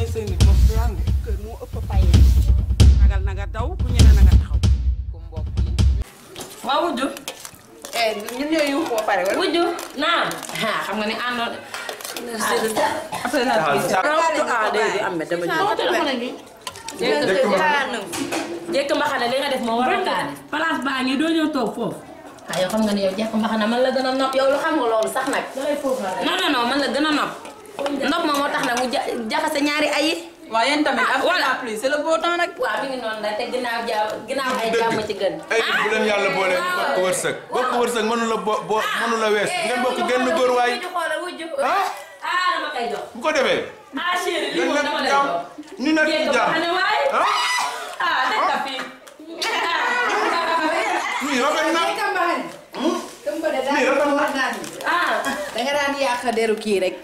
may say nit moom du ànd kër moo ëpp pay nagal na nga daw ku ñeme na nga taxaw ku mbokk waaw wujju eh, ñun ñooy yuuxu ba pare wala wujju naam xam nga ni àndoon après ah, la am dama jekk mbaxana li nga def moo waral kaane place baa ngi doo ñëw toog foofu waaw ah, yow xam nga ne yow jekk mbaxana man la gën a nopp yow lu xam nga loolu sax nag non non non man la gën a nopp nopp ma moo tax nag mu ja jaxase ñaari ay waa waaw yéen tamit ak ah, plus c'est le beau temps nag. waaw mi ngi noonu la te ginnaaw jaaw ginnaaw ay jàmm ci gën. ay bu leen yàlla boole ñu ah, bokk wërsëg. bokk wërsëg mënu la bo bu ko defee. ah chérie lii moom dama lay jox ñu nekk jàmm ah nekk ah, na fi. Hmm? da nga daan kii rek.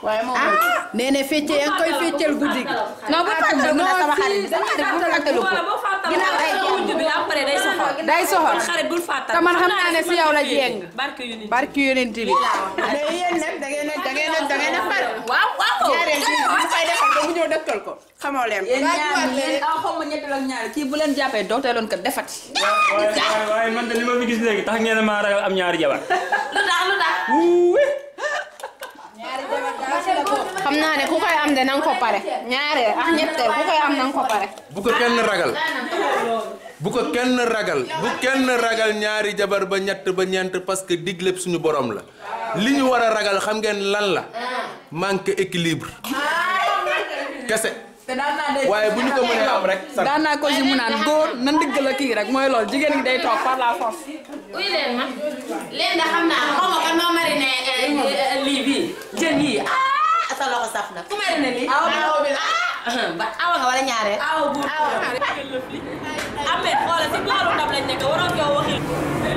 Nenek moom ah! nee na fecce yaa koy feccal guddi gi. non bu fàttaliku nag sama xarit sama xarit bu fàttaliku ginnaaw ay jeex day soxor te man xam naa ne si yow la jéng barki yonent bi. mais yéen nag da ngeen a da ngeen a da ngeen a far. waaw waaw ñaareel bi bu fay ah, ma ak ñaar bu ko defati. man de gis tax ngeen ragal am jabar. lu tax lu tax xam naa ku koy am de nang ko pare ñaare ah ñetteel ku koy am nang ko pare bu ko kenn ragal bu ko kenn ragal bu kenn ragal ñaari jabar ba ñett ba ñeent parce que digleb suñu borom la li ñu ragal xam ngeen lan la manque équilibre kese waaye bu ñu ko mënee am rek daan naa ko si mu naan góor na ndigg la kii rek mooy loolu jigéen gi day toog par la force uy leen ma leen da xam saf nag. fu may ne nii. awa bi la ah! ba awa nga wala ñaareel. awa bu awa. amee xoolal